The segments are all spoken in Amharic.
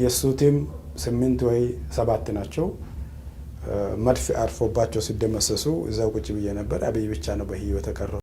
የእሱ ቲም ስምንት ወይ ሰባት ናቸው። መድፍ አርፎባቸው ሲደመሰሱ እዛው ቁጭ ብዬ ነበር። አብይ ብቻ ነው በህይወት የቀረው።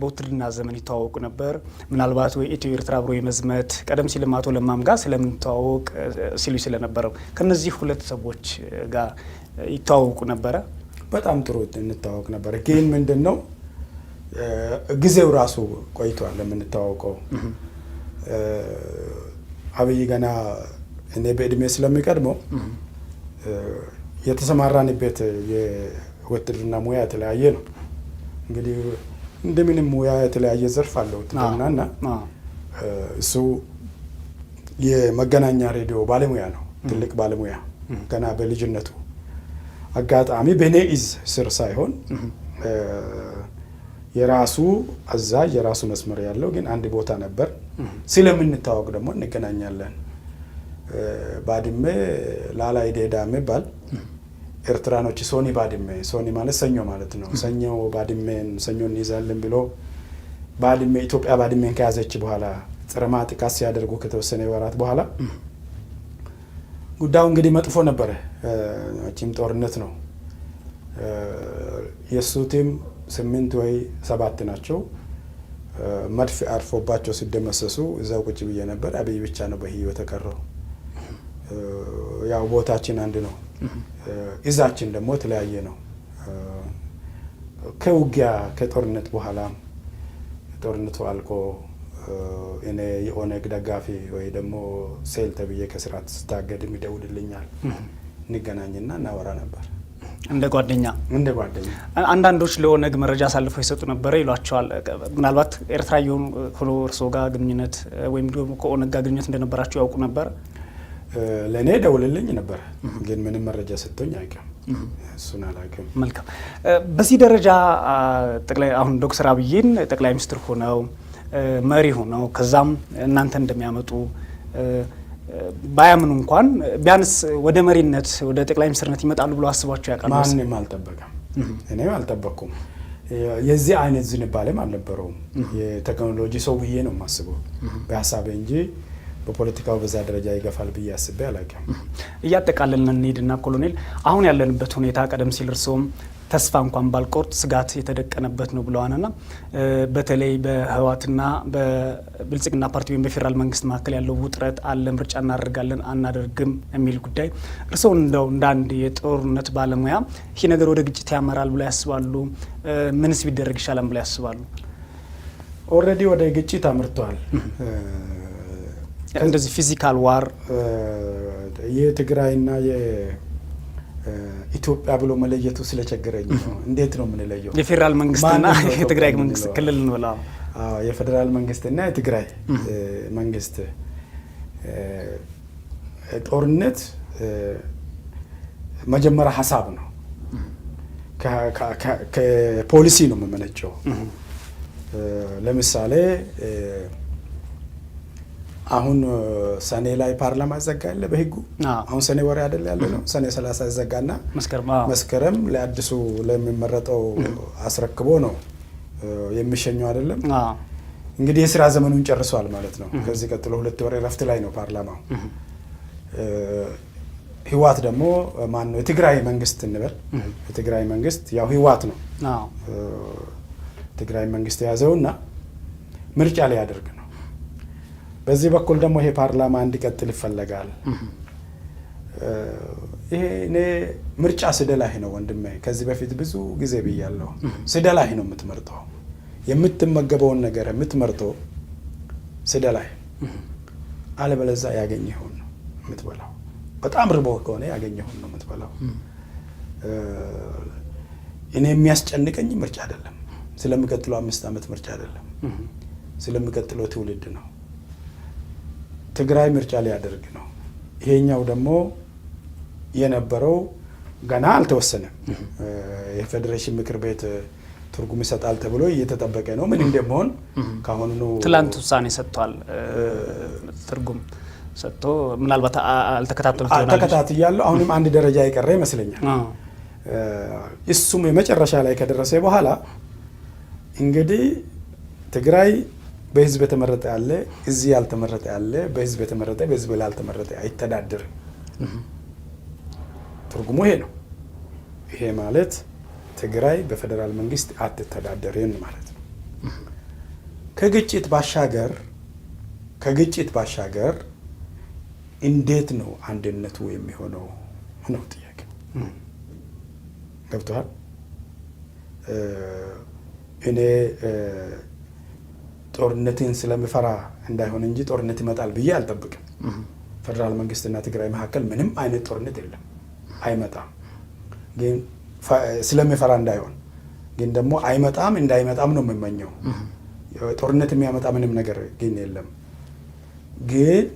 በውትድና ዘመን ይተዋወቁ ነበር። ምናልባት ወይ ኢትዮ ኤርትራ አብሮ የመዝመት ቀደም ሲልም አቶ ለማም ጋር ስለምንተዋወቅ ሲሉ ስለነበረው ከነዚህ ሁለት ሰዎች ጋር ይተዋወቁ ነበረ። በጣም ጥሩ እንተዋወቅ ነበረ። ግን ምንድን ነው ጊዜው ራሱ ቆይቷል የምንተዋወቀው አብይ ገና እኔ በእድሜ ስለሚቀድመው የተሰማራንበት የውትድርና ሙያ የተለያየ ነው እንግዲህ እንደምንም ሙያ የተለያየ ዘርፍ አለው እና እሱ የመገናኛ ሬዲዮ ባለሙያ ነው። ትልቅ ባለሙያ ገና በልጅነቱ አጋጣሚ በኔ ስር ሳይሆን የራሱ አዛዥ የራሱ መስመር ያለው ግን አንድ ቦታ ነበር። ስለምንታወቅ ደግሞ እንገናኛለን። ባድሜ ላላይ ዴዳ የሚባል ኤርትራኖች ሶኒ ባድሜ ሶኒ ማለት ሰኞ ማለት ነው። ሰኞ ባድሜን ሰኞ እንይዛለን ብሎ ባድሜ ኢትዮጵያ ባድሜን ከያዘች በኋላ ጽረማ ጥቃት ሲያደርጉ ከተወሰነ ወራት በኋላ ጉዳዩ እንግዲህ መጥፎ ነበረ። ቺም ጦርነት ነው። የእሱ ቲም ስምንት ወይ ሰባት ናቸው። መድፍ አርፎባቸው ሲደመሰሱ እዛው ቁጭ ብዬ ነበር። አብይ ብቻ ነው በህይወት የተቀረው። ያው ቦታችን አንድ ነው። እዛችን ደግሞ የተለያየ ነው። ከውጊያ ከጦርነት በኋላ ጦርነቱ አልቆ እኔ የኦነግ ደጋፊ ወይ ደግሞ ሴል ተብዬ ከስርዓት ስታገድም ይደውልልኛል፣ እንገናኝና እናወራ ነበር እንደ ጓደኛ እንደ ጓደኛ። አንዳንዶች ለኦነግ መረጃ አሳልፈው ይሰጡ ነበረ ይሏቸዋል። ምናልባት ኤርትራ የሆኑ ሆኖ እርስዎ ጋር ግንኙነት ወይም ደግሞ ከኦነግ ጋር ግንኙነት እንደነበራቸው ያውቁ ነበር? ለእኔ ደውልልኝ ነበር፣ ግን ምንም መረጃ ሰጥቶኝ አያውቅም። እሱን አላውቅም። መልካም። በዚህ ደረጃ ጠቅላይ አሁን ዶክተር አብይን ጠቅላይ ሚኒስትር ሆነው መሪ ሆነው ከዛም እናንተ እንደሚያመጡ ባያምኑ እንኳን ቢያንስ ወደ መሪነት ወደ ጠቅላይ ሚኒስትርነት ይመጣሉ ብሎ አስባቸው ያውቃሉ? ማንም አልጠበቀም፣ እኔም አልጠበቅኩም። የዚህ አይነት ዝንባሌም አልነበረውም። የቴክኖሎጂ ሰው ብዬ ነው የማስበው በሀሳቤ እንጂ በፖለቲካው በዛ ደረጃ ይገፋል ብዬ አስቤ አላውቅም። እያጠቃለልን እንሂድና ኮሎኔል፣ አሁን ያለንበት ሁኔታ ቀደም ሲል እርስዎም ተስፋ እንኳን ባልቆርጥ ስጋት የተደቀነበት ነው ብለዋልና በተለይ በህወሓትና በብልጽግና ፓርቲ ወይም በፌዴራል መንግስት መካከል ያለው ውጥረት አለ፣ ምርጫ እናደርጋለን አናደርግም የሚል ጉዳይ እርስዎ እንደው እንደ አንድ የጦርነት ባለሙያ ይህ ነገር ወደ ግጭት ያመራል ብለው ያስባሉ? ምንስ ቢደረግ ይሻላል ብለው ያስባሉ? ኦልሬዲ ወደ ግጭት አምርተዋል። እንደዚህ ፊዚካል ዋር የትግራይና የኢትዮጵያ ብሎ መለየቱ ስለቸገረኝ ነው። እንዴት ነው የምንለየው? የፌዴራል መንግስትና የትግራይ መንግስት ክልል እንበላ የፌዴራል መንግስትና የትግራይ መንግስት ጦርነት መጀመሪያ ሀሳብ ነው፣ ከፖሊሲ ነው የምመነጨው። ለምሳሌ አሁን ሰኔ ላይ ፓርላማ ይዘጋ ያለ በህጉ አሁን ሰኔ ወር አይደል ያለ ነው። ሰኔ ይዘጋ ና መስከረም ለአዲሱ ለሚመረጠው አስረክቦ ነው የሚሸኘው አይደለም። እንግዲህ የስራ ዘመኑን ጨርሷል ማለት ነው። ከዚህ ቀጥሎ ሁለት ወር እረፍት ላይ ነው ፓርላማው። ህዋት ደግሞ ማን ነው የትግራይ መንግስት እንበል፣ የትግራይ መንግስት ያው ህዋት ነው። ትግራይ መንግስት የያዘውና ምርጫ ላይ ያደርግ በዚህ በኩል ደግሞ ይሄ ፓርላማ እንዲቀጥል ይፈለጋል። ይሄ እኔ ምርጫ ስደላህ ነው ወንድሜ። ከዚህ በፊት ብዙ ጊዜ ብያለሁ። ስደላህ ነው የምትመርጠው፣ የምትመገበውን ነገር የምትመርጠው ስደላህ። አለበለዚያ ያገኘኸውን ነው የምትበላው። በጣም ርቦ ከሆነ ያገኘኸውን ነው የምትበላው። እኔ የሚያስጨንቀኝ ምርጫ አይደለም፣ ስለሚቀጥለው አምስት ዓመት ምርጫ አይደለም፣ ስለሚቀጥለው ትውልድ ነው ትግራይ ምርጫ ሊያደርግ ነው። ይሄኛው ደግሞ የነበረው ገና አልተወሰነም። የፌዴሬሽን ምክር ቤት ትርጉም ይሰጣል ተብሎ እየተጠበቀ ነው። ምን እንደመሆን ከአሁኑ ትላንት ውሳኔ ሰጥቷል። ትርጉም ሰጥቶ ምናልባት አልተከታተሉት ተከታትያለሁ። አሁንም አንድ ደረጃ የቀረ ይመስለኛል። እሱም የመጨረሻ ላይ ከደረሰ በኋላ እንግዲህ ትግራይ በህዝብ የተመረጠ ያለ እዚህ ያልተመረጠ ያለ በህዝብ የተመረጠ በህዝብ ላይ ያልተመረጠ አይተዳደርም። ትርጉሙ ይሄ ነው። ይሄ ማለት ትግራይ በፌዴራል መንግስት አትተዳደርን ማለት ነው። ከግጭት ባሻገር ከግጭት ባሻገር እንዴት ነው አንድነቱ የሚሆነው ነው ጥያቄ። ገብቶሃል? እኔ ጦርነትን ስለምፈራ እንዳይሆን እንጂ ጦርነት ይመጣል ብዬ አልጠብቅም። ፌደራል መንግስትና ትግራይ መካከል ምንም አይነት ጦርነት የለም፣ አይመጣም። ግን ስለምፈራ እንዳይሆን ግን ደግሞ አይመጣም እንዳይመጣም ነው የምመኘው። ጦርነት የሚያመጣ ምንም ነገር ግን የለም። ግን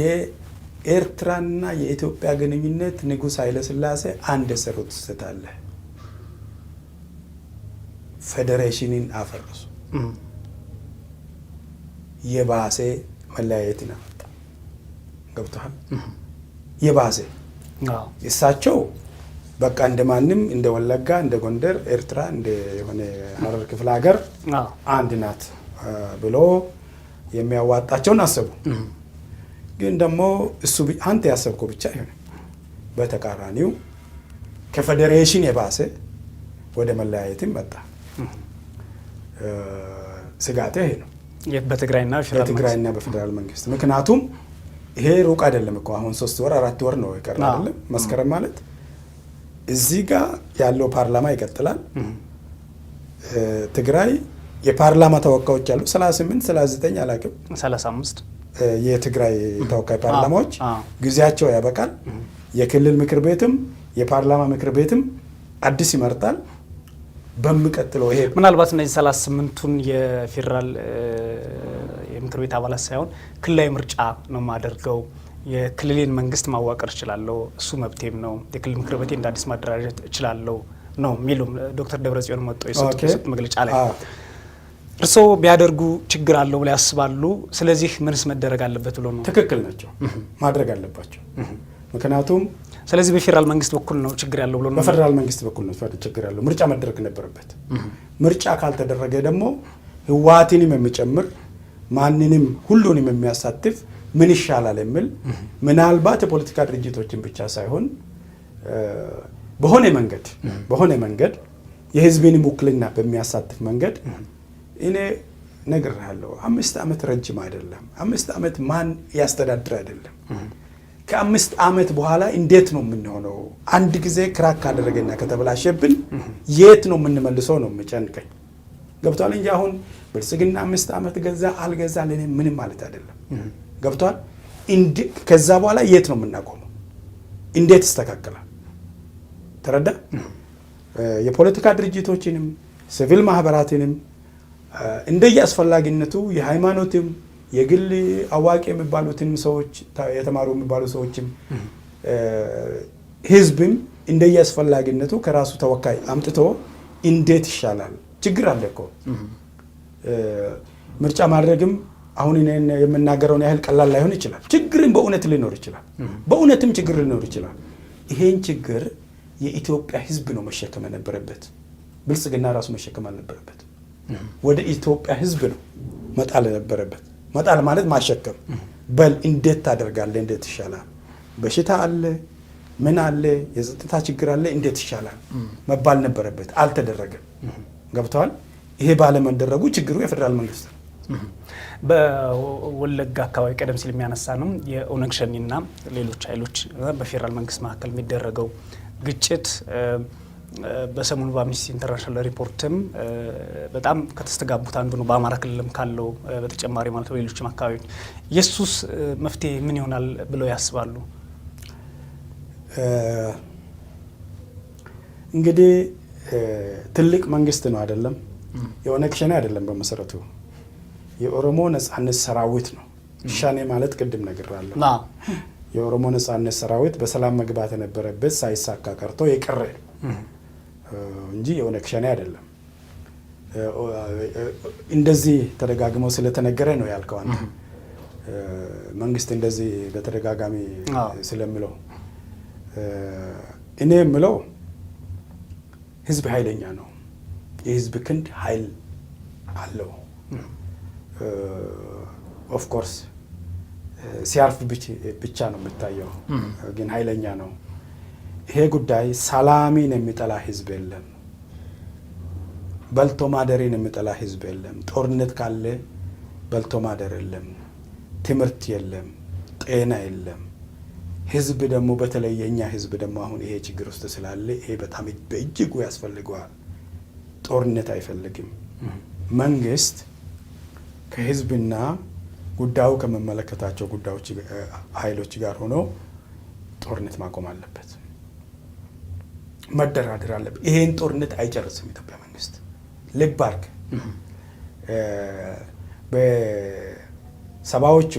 የኤርትራና የኢትዮጵያ ግንኙነት ንጉሥ ኃይለስላሴ አንድ የሰሩት ስህተት አለ። ፌዴሬሽንን አፈረሱ። የባሴ መለያየትን አመጣ። ገብቶሃል? የባሴ እሳቸው በቃ እንደ ማንም እንደ ወለጋ፣ እንደ ጎንደር፣ ኤርትራ እንደ የሆነ ሀረር ክፍለ ሀገር አንድ ናት ብሎ የሚያዋጣቸውን አሰቡ። ግን ደግሞ እሱ አንተ ያሰብከው ብቻ አይሆንም። በተቃራኒው ከፌዴሬሽን የባሰ ወደ መለያየትም መጣ። ስጋቴ ይሄ ነው። በትግራይና በትግራይና በፌዴራል መንግስት ምክንያቱም ይሄ ሩቅ አይደለም እኮ አሁን ሶስት ወር አራት ወር ነው ይቀር አይደለም መስከረም ማለት እዚህ ጋር ያለው ፓርላማ ይቀጥላል። ትግራይ የፓርላማ ተወካዮች አሉ 38 39 አላቅም 35 የትግራይ ተወካይ ፓርላማዎች ጊዜያቸው ያበቃል። የክልል ምክር ቤትም የፓርላማ ምክር ቤትም አዲስ ይመርጣል። በሚቀጥለው ይሄ ምናልባት እነዚህ ሰላሳ ስምንቱን የፌዴራል የምክር ቤት አባላት ሳይሆን ክልላዊ ምርጫ ነው የማደርገው የክልሌን መንግስት ማዋቀር እችላለሁ፣ እሱ መብቴም ነው። የክልል ምክር ቤቴ እንደ አዲስ ማደራጀት እችላለሁ ነው የሚሉም ዶክተር ደብረጽዮን መጦ የሰጡት መግለጫ ላይ እርስዎ ቢያደርጉ ችግር አለው ብለው ያስባሉ? ስለዚህ ምንስ መደረግ አለበት ብሎ ነው? ትክክል ናቸው፣ ማድረግ አለባቸው። ምክንያቱም ስለዚህ በፌዴራል መንግስት በኩል ነው ችግር ያለው ብሎ በፌዴራል መንግስት በኩል ነው ችግር ያለው። ምርጫ መደረግ ነበረበት። ምርጫ ካልተደረገ ደግሞ ህወሓትንም የሚጨምር ማንንም ሁሉንም የሚያሳትፍ ምን ይሻላል የሚል ምናልባት የፖለቲካ ድርጅቶችን ብቻ ሳይሆን በሆነ መንገድ በሆነ መንገድ የህዝብንም ውክልና በሚያሳትፍ መንገድ እኔ ነግሬሃለሁ። አምስት ዓመት ረጅም አይደለም። አምስት ዓመት ማን ያስተዳድር አይደለም ከአምስት ዓመት በኋላ እንዴት ነው የምንሆነው? አንድ ጊዜ ክራክ ካደረገና ከተበላሸብን የት ነው የምንመልሰው ነው የምጨንቀኝ። ገብቷል እንጂ አሁን ብልጽግና አምስት ዓመት ገዛ አልገዛ ለእኔ ምንም ማለት አይደለም። ገብቷል። ከዛ በኋላ የት ነው የምናቆመው? እንዴት ይስተካከላል? ተረዳ። የፖለቲካ ድርጅቶችንም ሲቪል ማህበራትንም እንደየ አስፈላጊነቱ የሃይማኖትም የግል አዋቂ የሚባሉትን ሰዎች የተማሩ የሚባሉ ሰዎችም ህዝብም አስፈላጊነቱ ከራሱ ተወካይ አምጥቶ እንዴት ይሻላል ችግር አለ እኮ ምርጫ ማድረግም አሁን እኔን የምናገረውን ያህል ቀላል ላይሆን ይችላል። ችግርን በእውነት ሊኖር ይችላል። በእውነትም ችግር ሊኖር ይችላል። ይሄን ችግር የኢትዮጵያ ህዝብ ነው መሸከም የነበረበት። ብልጽግና ራሱ መሸከም አልነበረበት። ወደ ኢትዮጵያ ህዝብ ነው መጣል የነበረበት። መጣል ማለት ማሸከም። በል እንዴት ታደርጋለህ? እንዴት ይሻላል? በሽታ አለ፣ ምን አለ፣ የጸጥታ ችግር አለ፣ እንዴት ይሻላል መባል ነበረበት። አልተደረገም። ገብተዋል። ይሄ ባለመደረጉ ችግሩ የፌዴራል መንግስት ነው። በወለጋ አካባቢ ቀደም ሲል የሚያነሳ ነው የኦነግ ሸኔና ሌሎች ኃይሎች በፌዴራል መንግስት መካከል የሚደረገው ግጭት በሰሞኑ በአምኒስቲ ኢንተርናሽናል ሪፖርትም በጣም ከተስተጋቡት አንዱ ነው። በአማራ ክልልም ካለው በተጨማሪ ማለት ነው በሌሎችም አካባቢዎች የሱስ መፍትሄ ምን ይሆናል ብለው ያስባሉ? እንግዲህ ትልቅ መንግስት ነው አይደለም። የኦነግ ሸኔ አይደለም፣ በመሰረቱ የኦሮሞ ነጻነት ሰራዊት ነው። ሻኔ ማለት ቅድም ነግራለሁ። የኦሮሞ ነጻነት ሰራዊት በሰላም መግባት የነበረበት ሳይሳካ ቀርቶ የቀረ እንጂ የሆነ ክሸኔ አይደለም። እንደዚህ ተደጋግሞ ስለተነገረ ነው ያልከው አንተ መንግስት እንደዚህ በተደጋጋሚ ስለምለው እኔ የምለው ህዝብ ኃይለኛ ነው። የህዝብ ክንድ ኃይል አለው። ኦፍኮርስ ሲያርፍ ብቻ ነው የምታየው፣ ግን ኃይለኛ ነው። ይሄ ጉዳይ ሰላሚን የሚጠላ ህዝብ የለም። በልቶ ማደሪን የሚጠላ ህዝብ የለም። ጦርነት ካለ በልቶ ማደር የለም። ትምህርት የለም። ጤና የለም። ህዝብ ደግሞ በተለይ የእኛ ህዝብ ደግሞ አሁን ይሄ ችግር ውስጥ ስላለ ይሄ በጣም በእጅጉ ያስፈልገዋል። ጦርነት አይፈልግም። መንግስት ከህዝብና ጉዳዩ ከመመለከታቸው ጉዳዮች ኃይሎች ጋር ሆኖ ጦርነት ማቆም አለበት። መደራደር አለብን። ይሄን ጦርነት አይጨርስም ኢትዮጵያ መንግስት። ልብ አድርግ በሰባዎቹ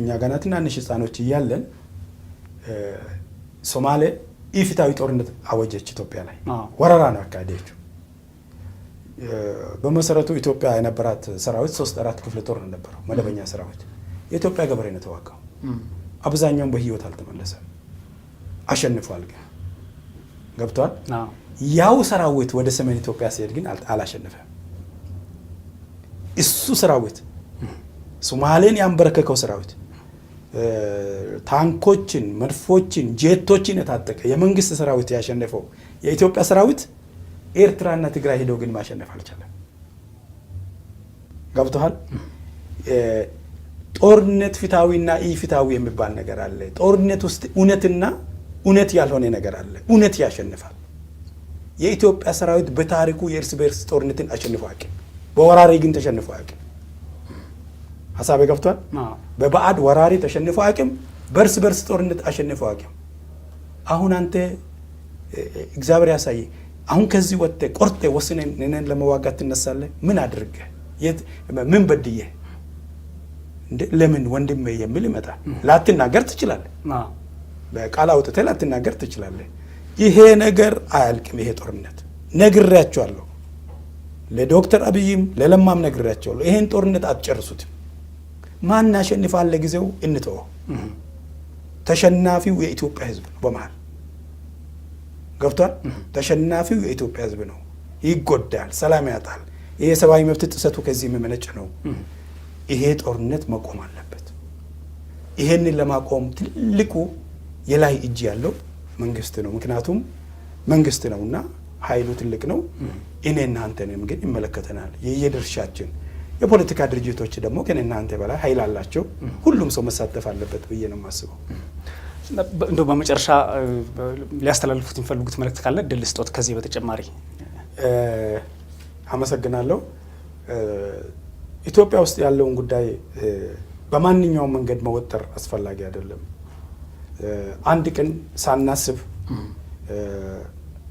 እኛ ገና ትናንሽ ህፃኖች እያለን ሶማሌ ኢፍታዊ ጦርነት አወጀች ኢትዮጵያ ላይ ወረራ ነው አካሄደችው። በመሰረቱ ኢትዮጵያ የነበራት ሰራዊት ሶስት አራት ክፍለ ጦር ነው ነበረው መደበኛ ሰራዊት። የኢትዮጵያ ገበሬ ነው ተዋጋው። አብዛኛውን በህይወት አልተመለሰም፣ አሸንፏል ግን ገብቷል። ያው ሰራዊት ወደ ሰሜን ኢትዮጵያ ሲሄድ ግን አላሸነፈም። እሱ ሰራዊት ሶማሌን ያንበረከከው ሰራዊት ታንኮችን፣ መድፎችን፣ ጄቶችን የታጠቀ የመንግስት ሰራዊት ያሸነፈው የኢትዮጵያ ሰራዊት ኤርትራና ትግራይ ሄደው ግን ማሸነፍ አልቻለም። ገብተሃል። ጦርነት ፊታዊና ኢ ፊታዊ የሚባል ነገር አለ። ጦርነት ውስጥ እውነትና እውነት ያልሆነ ነገር አለ። እውነት ያሸንፋል። የኢትዮጵያ ሰራዊት በታሪኩ የእርስ በእርስ ጦርነትን አሸንፎ አያውቅም። በወራሪ ግን ተሸንፎ አያውቅም። ሀሳቤ ገብቷል? በባዕድ ወራሪ ተሸንፎ አያውቅም። በእርስ በእርስ ጦርነት አሸንፎ አያውቅም። አሁን አንተ እግዚአብሔር ያሳይ። አሁን ከዚህ ወጥተህ ቆርጠህ ወስነ ነን ለመዋጋት ትነሳለህ? ምን አድርገህ ምን በድየህ ለምን ወንድም የሚል ይመጣል። ላትናገር ትችላለህ በቃል አውጥተህ ላትናገር ትችላለህ። ይሄ ነገር አያልቅም። ይሄ ጦርነት ነግሬያቸዋለሁ፣ ለዶክተር አብይም ለለማም ነግሬያቸዋለሁ። ይሄን ጦርነት አትጨርሱትም። ማን ያሸንፋል? ለጊዜው እንተወ። ተሸናፊው የኢትዮጵያ ሕዝብ ነው። በመሀል ገብቷል። ተሸናፊው የኢትዮጵያ ሕዝብ ነው። ይጎዳል፣ ሰላም ያጣል። ይሄ ሰብአዊ መብት ጥሰቱ ከዚህ የሚመነጭ ነው። ይሄ ጦርነት መቆም አለበት። ይሄንን ለማቆም ትልቁ የላይ እጅ ያለው መንግስት ነው። ምክንያቱም መንግስት ነውና ኃይሉ ትልቅ ነው። እኔ እናንተንም ግን ይመለከተናል፣ የየድርሻችን የፖለቲካ ድርጅቶች ደግሞ ግን እናንተ በላይ ኃይል አላቸው። ሁሉም ሰው መሳተፍ አለበት ብዬ ነው የማስበው። እንደው በመጨረሻ ሊያስተላልፉት የሚፈልጉት መልእክት ካለ ድል ስጦት ከዚህ በተጨማሪ አመሰግናለሁ። ኢትዮጵያ ውስጥ ያለውን ጉዳይ በማንኛውም መንገድ መወጠር አስፈላጊ አይደለም። አንድ ቀን ሳናስብ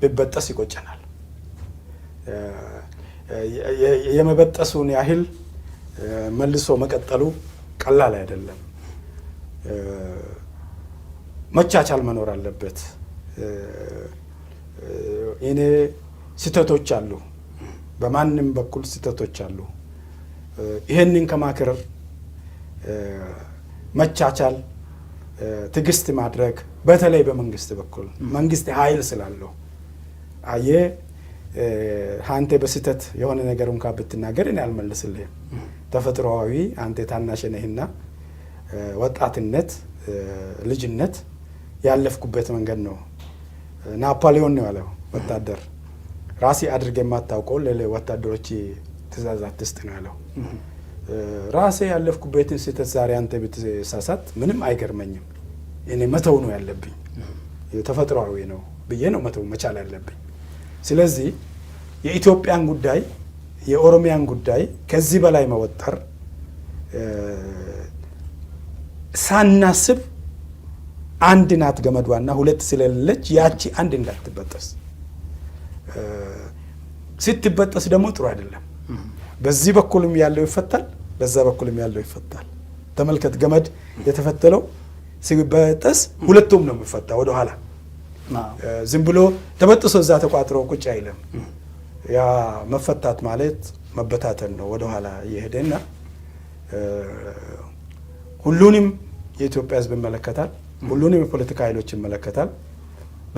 ቢበጠስ ይቆጨናል። የመበጠሱን ያህል መልሶ መቀጠሉ ቀላል አይደለም። መቻቻል መኖር አለበት። እኔ ስህተቶች አሉ፣ በማንም በኩል ስህተቶች አሉ። ይህንን ከማክረር መቻቻል ትግስት ማድረግ በተለይ በመንግስት በኩል መንግስት ኃይል ስላለው አየ አንተ በስህተት የሆነ ነገር እንኳ ብትናገር እኔ አልመልስልህም። ተፈጥሮዊ አንተ ታናሽ ነህና ወጣትነት፣ ልጅነት ያለፍኩበት መንገድ ነው። ናፖሊዮን ነው ያለው ወታደር ራሴ አድርገ የማታውቀው ለወታደሮች ትእዛዛት ውስጥ ነው ያለው። ራሴ ያለፍኩበትን ስህተት ዛሬ አንተ ብትሳሳት ምንም አይገርመኝም። እኔ መተው ነው ያለብኝ፣ ተፈጥሯዊ ነው ብዬ ነው መተው መቻል ያለብኝ። ስለዚህ የኢትዮጵያን ጉዳይ የኦሮሚያን ጉዳይ ከዚህ በላይ መወጠር ሳናስብ አንድ ናት ገመዷና ሁለት ስለሌለች ያቺ አንድ እንዳትበጠስ ስትበጠስ ደግሞ ጥሩ አይደለም። በዚህ በኩልም ያለው ይፈታል በዛ በኩልም ያለው ይፈታል። ተመልከት፣ ገመድ የተፈተለው ሲበጠስ ሁለቱም ነው የሚፈታ። ወደኋላ ዝም ብሎ ተበጥሶ እዛ ተቋጥሮ ቁጭ አይልም። ያ መፈታት ማለት መበታተን ነው። ወደኋላ እየሄደና ሁሉንም የኢትዮጵያ ሕዝብ ይመለከታል። ሁሉንም የፖለቲካ ኃይሎች ይመለከታል።